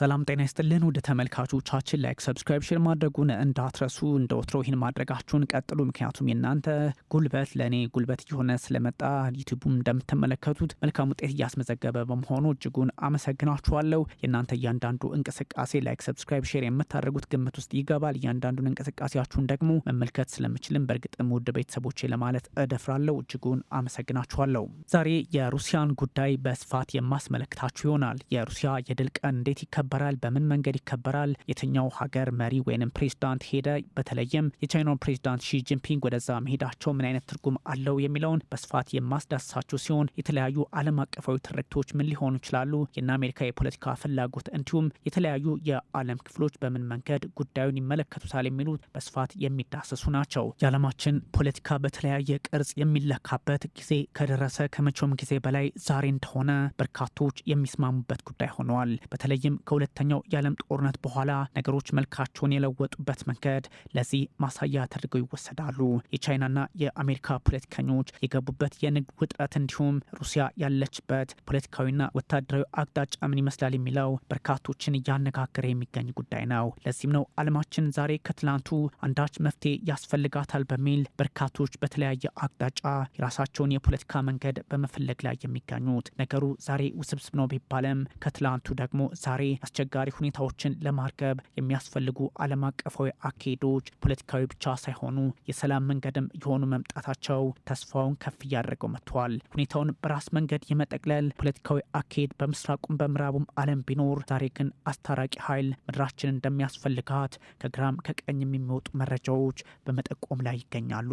ሰላም ጤና ይስጥልን ውድ ተመልካቾቻችን፣ ላይክ ሰብስክራይብ፣ ሼር ማድረጉን እንዳትረሱ። እንደ ወትሮ ይህን ማድረጋችሁን ቀጥሉ። ምክንያቱም የእናንተ ጉልበት ለእኔ ጉልበት እየሆነ ስለመጣ ዩቲዩቡም እንደምትመለከቱት መልካም ውጤት እያስመዘገበ በመሆኑ እጅጉን አመሰግናችኋለሁ። የእናንተ እያንዳንዱ እንቅስቃሴ ላይክ፣ ሰብስክራይብ፣ ሼር የምታደርጉት ግምት ውስጥ ይገባል። እያንዳንዱን እንቅስቃሴያችሁን ደግሞ መመልከት ስለምችልም በእርግጥም ውድ ቤተሰቦቼ ለማለት እደፍራለሁ። እጅጉን አመሰግናችኋለሁ። ዛሬ የሩሲያን ጉዳይ በስፋት የማስመለክታችሁ ይሆናል። የሩሲያ የድል ቀን እንዴት ይከ ይከበራል፣ በምን መንገድ ይከበራል፣ የትኛው ሀገር መሪ ወይንም ፕሬዚዳንት ሄደ፣ በተለይም የቻይናው ፕሬዚዳንት ሺ ጂንፒንግ ወደዛ መሄዳቸው ምን አይነት ትርጉም አለው የሚለውን በስፋት የማስዳስሳችሁ ሲሆን የተለያዩ ዓለም አቀፋዊ ትርክቶች ምን ሊሆኑ ይችላሉ፣ የእነ አሜሪካ የፖለቲካ ፍላጎት እንዲሁም የተለያዩ የዓለም ክፍሎች በምን መንገድ ጉዳዩን ይመለከቱታል የሚሉት በስፋት የሚዳሰሱ ናቸው። የዓለማችን ፖለቲካ በተለያየ ቅርጽ የሚለካበት ጊዜ ከደረሰ ከመቼውም ጊዜ በላይ ዛሬ እንደሆነ በርካቶች የሚስማሙበት ጉዳይ ሆነዋል። በተለይም ከ ከሁለተኛው የዓለም ጦርነት በኋላ ነገሮች መልካቸውን የለወጡበት መንገድ ለዚህ ማሳያ ተደርገው ይወሰዳሉ። የቻይናና የአሜሪካ ፖለቲከኞች የገቡበት የንግድ ውጥረት እንዲሁም ሩሲያ ያለችበት ፖለቲካዊና ወታደራዊ አቅጣጫ ምን ይመስላል የሚለው በርካቶችን እያነጋገረ የሚገኝ ጉዳይ ነው። ለዚህም ነው ዓለማችን ዛሬ ከትላንቱ አንዳች መፍትሄ ያስፈልጋታል በሚል በርካቶች በተለያየ አቅጣጫ የራሳቸውን የፖለቲካ መንገድ በመፈለግ ላይ የሚገኙት። ነገሩ ዛሬ ውስብስብ ነው ቢባልም ከትላንቱ ደግሞ ዛሬ አስቸጋሪ ሁኔታዎችን ለማርገብ የሚያስፈልጉ ዓለም አቀፋዊ አካሄዶች ፖለቲካዊ ብቻ ሳይሆኑ የሰላም መንገድም የሆኑ መምጣታቸው ተስፋውን ከፍ እያደረገው መጥቷል። ሁኔታውን በራስ መንገድ የመጠቅለል ፖለቲካዊ አካሄድ በምስራቁም በምዕራቡም ዓለም ቢኖር ዛሬ ግን አስታራቂ ኃይል ምድራችን እንደሚያስፈልጋት ከግራም ከቀኝም የሚወጡ መረጃዎች በመጠቆም ላይ ይገኛሉ።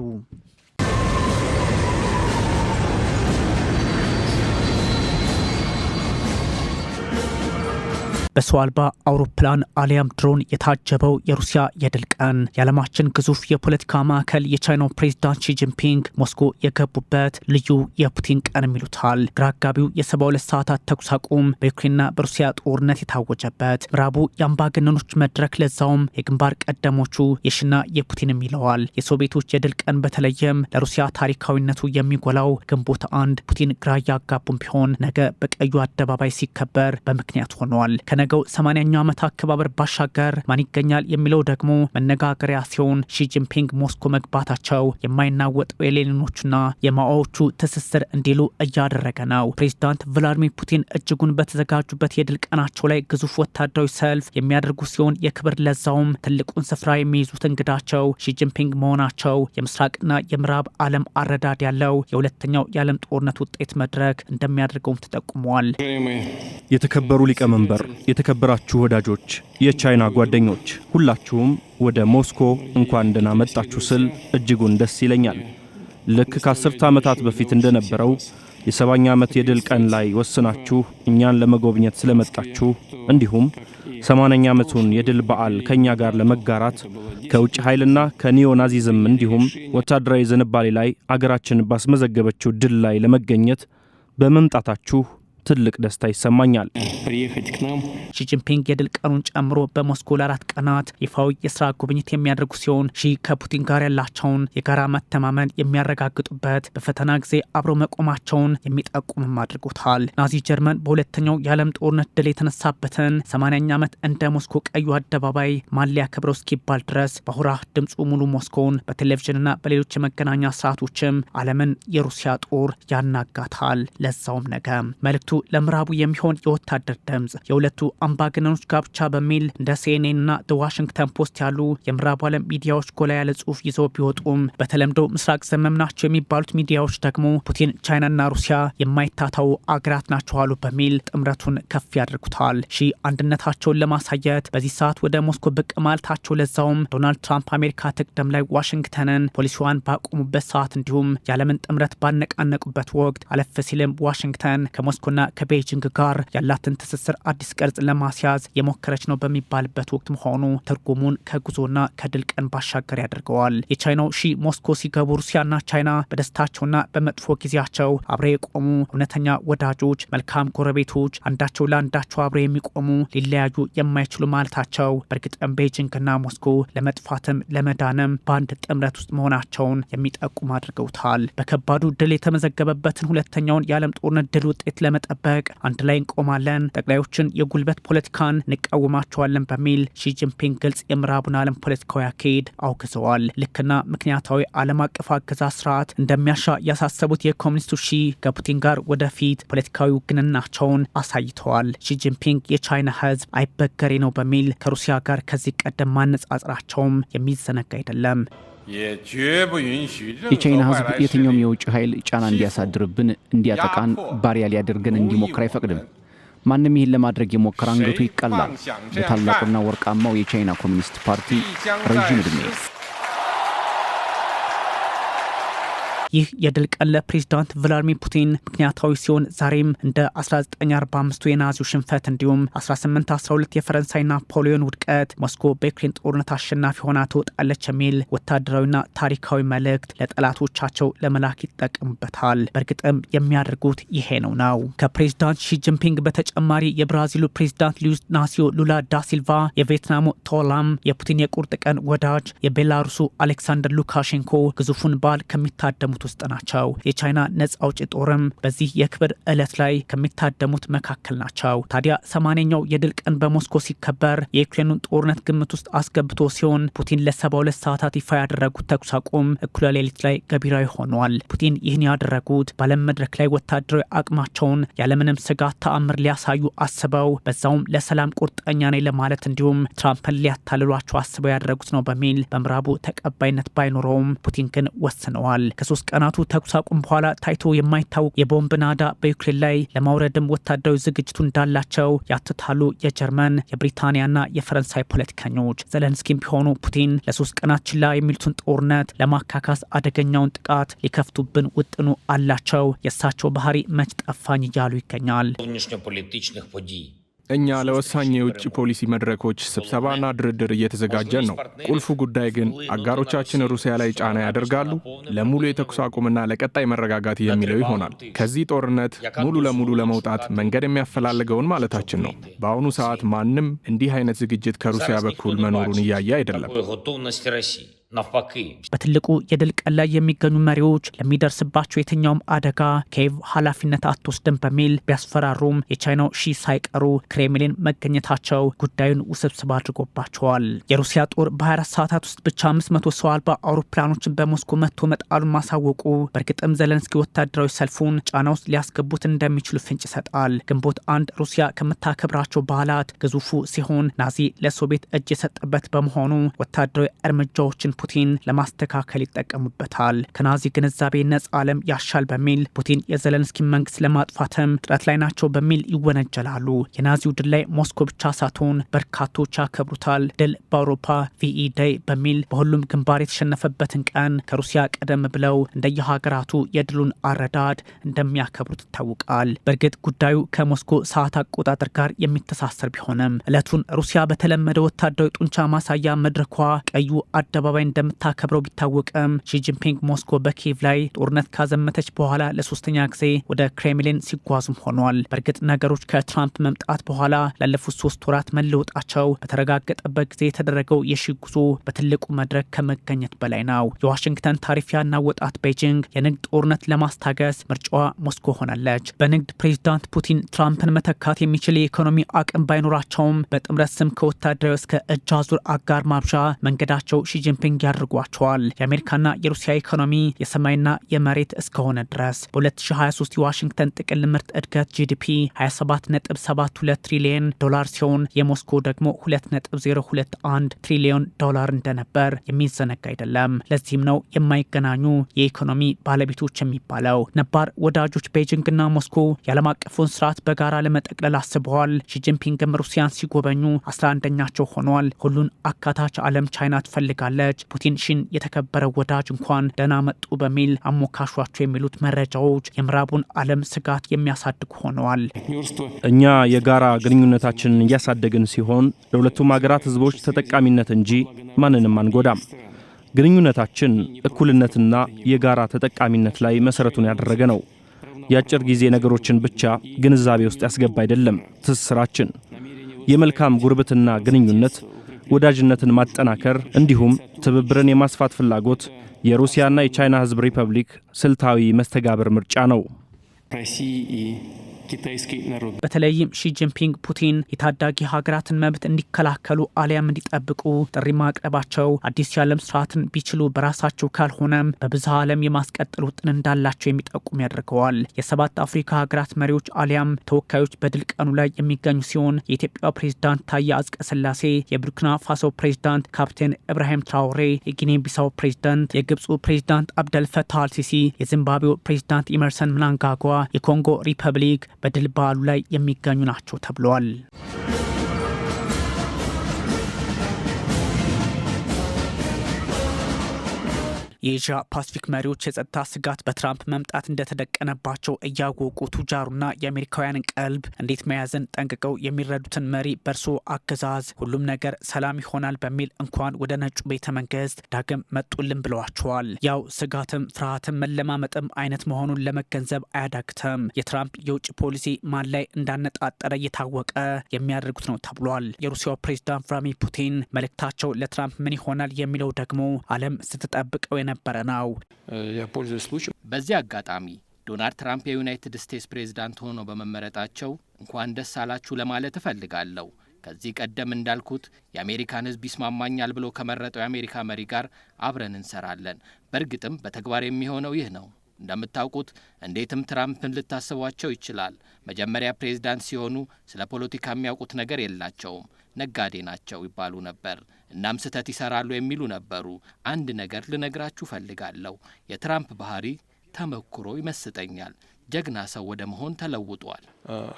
በሰው አልባ አውሮፕላን አሊያም ድሮን የታጀበው የሩሲያ የድል ቀን የዓለማችን ግዙፍ የፖለቲካ ማዕከል የቻይናው ፕሬዚዳንት ሺጂንፒንግ ሞስኮ የገቡበት ልዩ የፑቲን ቀንም ይሉታል። ግራ አጋቢው የሰባ ሁለት ሰዓታት ተኩስ አቁም በዩክሬንና በሩሲያ ጦርነት የታወጀበት ምዕራቡ የአምባገነኖች መድረክ ለዛውም የግንባር ቀደሞቹ የሽና የፑቲንም ይለዋል። የሶቪየቶች የድል ቀን በተለየም ለሩሲያ ታሪካዊነቱ የሚጎላው ግንቦት አንድ ፑቲን ግራ ያጋቡም ቢሆን ነገ በቀዩ አደባባይ ሲከበር በምክንያት ሆኗል። ከነገው 80ኛው ዓመት አከባበር ባሻገር ማን ይገኛል የሚለው ደግሞ መነጋገሪያ ሲሆን ሺጂንፒንግ ሞስኮ መግባታቸው የማይናወጠው የሌኒኖቹና የማኦዎቹ ትስስር እንዲሉ እያደረገ ነው። ፕሬዚዳንት ቭላዲሚር ፑቲን እጅጉን በተዘጋጁበት የድል ቀናቸው ላይ ግዙፍ ወታደራዊ ሰልፍ የሚያደርጉ ሲሆን የክብር ለዛውም ትልቁን ስፍራ የሚይዙት እንግዳቸው ሺጂንፒንግ መሆናቸው የምስራቅና የምዕራብ ዓለም አረዳድ ያለው የሁለተኛው የዓለም ጦርነት ውጤት መድረክ እንደሚያደርገውም ተጠቁመዋል። የተከበሩ ሊቀመንበር የተከበራችሁ ወዳጆች፣ የቻይና ጓደኞች ሁላችሁም ወደ ሞስኮ እንኳን ደህና መጣችሁ ስል እጅጉን ደስ ይለኛል። ልክ ከአስርተ ዓመታት በፊት እንደነበረው የሰባኛ ዓመት የድል ቀን ላይ ወስናችሁ እኛን ለመጎብኘት ስለመጣችሁ እንዲሁም ሰማንያኛ ዓመቱን የድል በዓል ከእኛ ጋር ለመጋራት ከውጭ ኃይልና ከኒዮናዚዝም ናዚዝም እንዲሁም ወታደራዊ ዝንባሌ ላይ አገራችን ባስመዘገበችው ድል ላይ ለመገኘት በመምጣታችሁ ትልቅ ደስታ ይሰማኛል። ሺጂንፒንግ የድል ቀኑን ጨምሮ በሞስኮ ለአራት ቀናት ይፋዊ የስራ ጉብኝት የሚያደርጉ ሲሆን ሺ ከፑቲን ጋር ያላቸውን የጋራ መተማመን የሚያረጋግጡበት በፈተና ጊዜ አብሮ መቆማቸውን የሚጠቁምም አድርጎታል። ናዚ ጀርመን በሁለተኛው የዓለም ጦርነት ድል የተነሳበትን 80ኛ ዓመት እንደ ሞስኮ ቀዩ አደባባይ ማሊያ ክብረው እስኪባል ድረስ በሁራ ድምፁ ሙሉ ሞስኮውን በቴሌቪዥንና በሌሎች የመገናኛ ስርዓቶችም ዓለምን የሩሲያ ጦር ያናጋታል። ለዛውም ነገ መልእክቱ ለምዕራቡ የሚሆን የወታደር ድምፅ የሁለቱ አምባገነኖች ጋብቻ በሚል እንደ ደ ዋሽንግተን ፖስት ያሉ የምዕራቡ ዓለም ሚዲያዎች ጎላ ያለ ጽሁፍ ይዘው ቢወጡም በተለምዶ ምስራቅ ዘመም ናቸው የሚባሉት ሚዲያዎች ደግሞ ፑቲን፣ ቻይናና ሩሲያ የማይታታው አገራት ናቸው አሉ በሚል ጥምረቱን ከፍ ያደርጉታል። ሺ አንድነታቸውን ለማሳየት በዚህ ሰዓት ወደ ሞስኮ ብቅ ማለታቸው ለዛውም ዶናልድ ትራምፕ አሜሪካ ትቅደም ላይ ዋሽንግተንን ፖሊሲዋን ባቆሙበት ሰዓት እንዲሁም የዓለምን ጥምረት ባነቃነቁበት ወቅት አለፍ ሲልም ዋሽንግተን ከሞስኮና ከቤጂንግ ጋር ያላትን ትስስር አዲስ ቅርጽ ለማስያዝ የሞከረች ነው በሚባልበት ወቅት መሆኑ ትርጉሙን ከጉዞና ከድል ቀን ባሻገር ያደርገዋል። የቻይናው ሺ ሞስኮ ሲገቡ ሩሲያና ቻይና በደስታቸውና በመጥፎ ጊዜያቸው አብረው የቆሙ እውነተኛ ወዳጆች፣ መልካም ጎረቤቶች፣ አንዳቸው ለአንዳቸው አብረው የሚቆሙ ሊለያዩ የማይችሉ ማለታቸው በእርግጥም ቤጂንግና ሞስኮ ለመጥፋትም ለመዳንም በአንድ ጥምረት ውስጥ መሆናቸውን የሚጠቁም አድርገውታል። በከባዱ ድል የተመዘገበበትን ሁለተኛውን የዓለም ጦርነት ድል ውጤት ለመጠ በመጠበቅ አንድ ላይ እንቆማለን፣ ጠቅላዮችን የጉልበት ፖለቲካን እንቃወማቸዋለን በሚል ሺጂንፒንግ ግልጽ የምዕራቡን ዓለም ፖለቲካዊ አካሄድ አውግዘዋል። ልክና ምክንያታዊ ዓለም አቀፍ አገዛዝ ስርዓት እንደሚያሻ ያሳሰቡት የኮሚኒስቱ ሺ ከፑቲን ጋር ወደፊት ፖለቲካዊ ውግንናቸውን አሳይተዋል። ሺጂንፒንግ የቻይና ህዝብ አይበገሬ ነው በሚል ከሩሲያ ጋር ከዚህ ቀደም ማነጻጸራቸውም የሚዘነጋ አይደለም። የቻይና ሕዝብ የትኛውም የውጭ ኃይል ጫና እንዲያሳድርብን፣ እንዲያጠቃን፣ ባሪያ ሊያደርገን እንዲሞክር አይፈቅድም። ማንም ይህን ለማድረግ የሞከረ አንገቱ ይቀላል። ለታላቁና ወርቃማው የቻይና ኮሚኒስት ፓርቲ ረዥም ዕድሜ ይህ የድል ቀን ለፕሬዚዳንት ቭላድሚር ፑቲን ምክንያታዊ ሲሆን ዛሬም እንደ 1945ቱ የናዚው ሽንፈት እንዲሁም 1812 የፈረንሳይ ናፖሊዮን ውድቀት ሞስኮ በዩክሬን ጦርነት አሸናፊ ሆና ትወጣለች የሚል ወታደራዊና ታሪካዊ መልእክት ለጠላቶቻቸው ለመላክ ይጠቀሙበታል። በእርግጥም የሚያደርጉት ይሄ ነው ነው። ከፕሬዚዳንት ሺጂንፒንግ በተጨማሪ የብራዚሉ ፕሬዚዳንት ሉዊስ ናሲዮ ሉላ ዳሲልቫ፣ የቬትናሙ ቶላም፣ የፑቲን የቁርጥ ቀን ወዳጅ የቤላሩሱ አሌክሳንደር ሉካሼንኮ ግዙፉን በዓል ከሚታደሙ ከሚታደሙት ውስጥ ናቸው። የቻይና ነጻ አውጪ ጦርም በዚህ የክብር ዕለት ላይ ከሚታደሙት መካከል ናቸው። ታዲያ ሰማንያኛው የድል ቀን በሞስኮ ሲከበር የዩክሬኑን ጦርነት ግምት ውስጥ አስገብቶ ሲሆን ፑቲን ለሰባ ሁለት ሰዓታት ይፋ ያደረጉት ተኩስ አቁም እኩለ ሌሊት ላይ ገቢራዊ ሆኗል። ፑቲን ይህን ያደረጉት በዓለም መድረክ ላይ ወታደራዊ አቅማቸውን ያለምንም ስጋት ተአምር ሊያሳዩ አስበው በዛውም ለሰላም ቁርጠኛ ነኝ ለማለት እንዲሁም ትራምፕን ሊያታልሏቸው አስበው ያደረጉት ነው በሚል በምዕራቡ ተቀባይነት ባይኖረውም ፑቲን ግን ወስነዋል። ከሶስት ቀናቱ ተኩስ አቁም በኋላ ታይቶ የማይታወቅ የቦምብ ናዳ በዩክሬን ላይ ለማውረድም ወታደራዊ ዝግጅቱ እንዳላቸው ያትታሉ የጀርመን የብሪታንያና የፈረንሳይ ፖለቲከኞች። ዘለንስኪም ቢሆኑ ፑቲን ለሶስት ቀናት ችላ የሚሉትን ጦርነት ለማካካስ አደገኛውን ጥቃት ሊከፍቱብን ውጥኑ አላቸው። የእሳቸው ባህሪ መች ጠፋኝ እያሉ ይገኛል። እኛ ለወሳኝ የውጭ ፖሊሲ መድረኮች ስብሰባና ድርድር እየተዘጋጀን ነው። ቁልፉ ጉዳይ ግን አጋሮቻችን ሩሲያ ላይ ጫና ያደርጋሉ ለሙሉ የተኩስ አቁምና ለቀጣይ መረጋጋት የሚለው ይሆናል። ከዚህ ጦርነት ሙሉ ለሙሉ ለመውጣት መንገድ የሚያፈላልገውን ማለታችን ነው። በአሁኑ ሰዓት ማንም እንዲህ አይነት ዝግጅት ከሩሲያ በኩል መኖሩን እያየ አይደለም። ናፋኪ በትልቁ የድል ቀን ላይ የሚገኙ መሪዎች ለሚደርስባቸው የትኛውም አደጋ ኬቭ ኃላፊነት አትወስድም በሚል ቢያስፈራሩም የቻይናው ሺ ሳይቀሩ ክሬምሊን መገኘታቸው ጉዳዩን ውስብስብ አድርጎባቸዋል። የሩሲያ ጦር በ24 ሰዓታት ውስጥ ብቻ 500 ሰው አልባ አውሮፕላኖችን በሞስኮ መጥቶ መጣሉን ማሳወቁ በእርግጥም ዘለንስኪ ወታደራዊ ሰልፉን ጫና ውስጥ ሊያስገቡት እንደሚችሉ ፍንጭ ይሰጣል። ግንቦት አንድ ሩሲያ ከምታከብራቸው በዓላት ግዙፉ ሲሆን ናዚ ለሶቪየት እጅ የሰጠበት በመሆኑ ወታደራዊ እርምጃዎችን ፑቲን ለማስተካከል ይጠቀሙበታል። ከናዚ ግንዛቤ ነጻ ዓለም ያሻል በሚል ፑቲን የዘለንስኪን መንግስት ለማጥፋትም ጥረት ላይ ናቸው በሚል ይወነጀላሉ። የናዚው ድል ላይ ሞስኮ ብቻ ሳትሆን በርካቶች ያከብሩታል። ድል በአውሮፓ ቪኢደይ በሚል በሁሉም ግንባር የተሸነፈበትን ቀን ከሩሲያ ቀደም ብለው እንደየሀገራቱ የድሉን አረዳድ እንደሚያከብሩት ይታወቃል። በእርግጥ ጉዳዩ ከሞስኮ ሰዓት አቆጣጠር ጋር የሚተሳሰር ቢሆንም እለቱን ሩሲያ በተለመደ ወታደራዊ ጡንቻ ማሳያ መድረኳ ቀዩ አደባባይ እንደምታከብረው ቢታወቅም ሺጂንፒንግ ሞስኮ በኪየቭ ላይ ጦርነት ካዘመተች በኋላ ለሶስተኛ ጊዜ ወደ ክሬምሊን ሲጓዙም ሆኗል። በእርግጥ ነገሮች ከትራምፕ መምጣት በኋላ ላለፉት ሶስት ወራት መለወጣቸው በተረጋገጠበት ጊዜ የተደረገው የሺ ጉዞ በትልቁ መድረክ ከመገኘት በላይ ነው። የዋሽንግተን ታሪፍ ወጣት ቤጂንግ የንግድ ጦርነት ለማስታገስ ምርጫዋ ሞስኮ ሆናለች። በንግድ ፕሬዚዳንት ፑቲን ትራምፕን መተካት የሚችል የኢኮኖሚ አቅም ባይኖራቸውም በጥምረት ስም ከወታደራዊ እስከ እጅ አዙር አጋር ማብዣ መንገዳቸው ሺጂንፒንግ ፈንጂ አድርጓቸዋል። የአሜሪካና የሩሲያ ኢኮኖሚ የሰማይና የመሬት እስከሆነ ድረስ በ2023 የዋሽንግተን ጥቅል ምርት እድገት ጂዲፒ 27.72 ትሪሊየን ዶላር ሲሆን የሞስኮ ደግሞ 2.021 ትሪሊዮን ዶላር እንደነበር የሚዘነጋ አይደለም። ለዚህም ነው የማይገናኙ የኢኮኖሚ ባለቤቶች የሚባለው። ነባር ወዳጆች ቤጂንግና ሞስኮ የዓለም አቀፉን ስርዓት በጋራ ለመጠቅለል አስበዋል። ሺጂንፒንግም ሩሲያን ሲጎበኙ 11ኛቸው ሆኗል። ሁሉን አካታች ዓለም ቻይና ትፈልጋለች። ፑቲን ሺን የተከበረ ወዳጅ እንኳን ደህና መጡ በሚል አሞካሿቸው የሚሉት መረጃዎች የምዕራቡን ዓለም ስጋት የሚያሳድጉ ሆነዋል። እኛ የጋራ ግንኙነታችንን እያሳደግን ሲሆን ለሁለቱም ሀገራት ህዝቦች ተጠቃሚነት እንጂ ማንንም አንጎዳም። ግንኙነታችን እኩልነትና የጋራ ተጠቃሚነት ላይ መሠረቱን ያደረገ ነው። የአጭር ጊዜ ነገሮችን ብቻ ግንዛቤ ውስጥ ያስገባ አይደለም። ትስስራችን የመልካም ጉርብትና ግንኙነት ወዳጅነትን ማጠናከር እንዲሁም ትብብርን የማስፋት ፍላጎት የሩሲያና የቻይና ህዝብ ሪፐብሊክ ስልታዊ መስተጋብር ምርጫ ነው። ኪታይስኪ ነሩ በተለይም ሺጂንፒንግ ፑቲን የታዳጊ ሀገራትን መብት እንዲከላከሉ አሊያም እንዲጠብቁ ጥሪ ማቅረባቸው አዲስ የዓለም ስርዓትን ቢችሉ በራሳቸው ካልሆነም በብዝሃ ዓለም የማስቀጠል ውጥን እንዳላቸው የሚጠቁም ያደርገዋል። የሰባት አፍሪካ ሀገራት መሪዎች አሊያም ተወካዮች በድል ቀኑ ላይ የሚገኙ ሲሆን የኢትዮጵያ ፕሬዝዳንት ታዬ ስላሴ የቡርኪና ፋሶ ፕሬዝዳንት ካፕቴን ኢብራሂም ትራውሬ፣ የጊኔ ቢሳው ፕሬዝዳንት፣ የግብፁ ፕሬዝዳንት አብደልፈታህ አልሲሲ፣ የዚምባብዌው ፕሬዝዳንት ኢመርሰን ምናንጋጓ፣ የኮንጎ ሪፐብሊክ በድል በዓሉ ላይ የሚገኙ ናቸው ተብለዋል። የኤዥያ ፓሲፊክ መሪዎች የጸጥታ ስጋት በትራምፕ መምጣት እንደተደቀነባቸው እያወቁ ቱጃሩና የአሜሪካውያንን ቀልብ እንዴት መያዝን ጠንቅቀው የሚረዱትን መሪ በእርሶ አገዛዝ ሁሉም ነገር ሰላም ይሆናል በሚል እንኳን ወደ ነጩ ቤተ መንግስት ዳግም መጡልን ብለዋቸዋል። ያው ስጋትም ፍርሃትም መለማመጥም አይነት መሆኑን ለመገንዘብ አያዳግተም። የትራምፕ የውጭ ፖሊሲ ማን ላይ እንዳነጣጠረ እየታወቀ የሚያደርጉት ነው ተብሏል። የሩሲያው ፕሬዚዳንት ቭላድሚር ፑቲን መልእክታቸው ለትራምፕ ምን ይሆናል የሚለው ደግሞ ዓለም ስትጠብቀው የነበ የነበረ ነው። በዚህ አጋጣሚ ዶናልድ ትራምፕ የዩናይትድ ስቴትስ ፕሬዝዳንት ሆኖ በመመረጣቸው እንኳን ደስ አላችሁ ለማለት እፈልጋለሁ። ከዚህ ቀደም እንዳልኩት የአሜሪካን ሕዝብ ይስማማኛል ብሎ ከመረጠው የአሜሪካ መሪ ጋር አብረን እንሰራለን። በእርግጥም በተግባር የሚሆነው ይህ ነው። እንደምታውቁት እንዴትም ትራምፕን ልታስቧቸው ይችላል። መጀመሪያ ፕሬዝዳንት ሲሆኑ ስለ ፖለቲካ የሚያውቁት ነገር የላቸውም፣ ነጋዴ ናቸው ይባሉ ነበር። እናም ስህተት ይሰራሉ የሚሉ ነበሩ። አንድ ነገር ልነግራችሁ ፈልጋለሁ። የትራምፕ ባህሪ ተመክሮ ይመስጠኛል። ጀግና ሰው ወደ መሆን ተለውጧል። uh,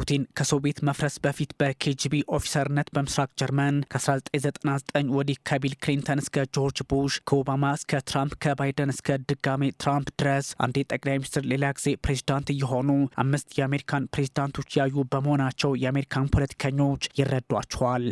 ፑቲን ከሶቪየት መፍረስ በፊት በኬጂቢ ኦፊሰርነት በምስራቅ ጀርመን ከ1999 ወዲህ ከቢል ክሊንተን እስከ ጆርጅ ቡሽ፣ ከኦባማ እስከ ትራምፕ፣ ከባይደን እስከ ድጋሜ ትራምፕ ድረስ አንዴ ጠቅላይ ሚኒስትር ሌላ ጊዜ ፕሬዚዳንት እየሆኑ አምስት የአሜሪካን ፕሬዚዳንቶች ያዩ በመሆናቸው የአሜሪካን ፖለቲከኞች ይረዷቸዋል።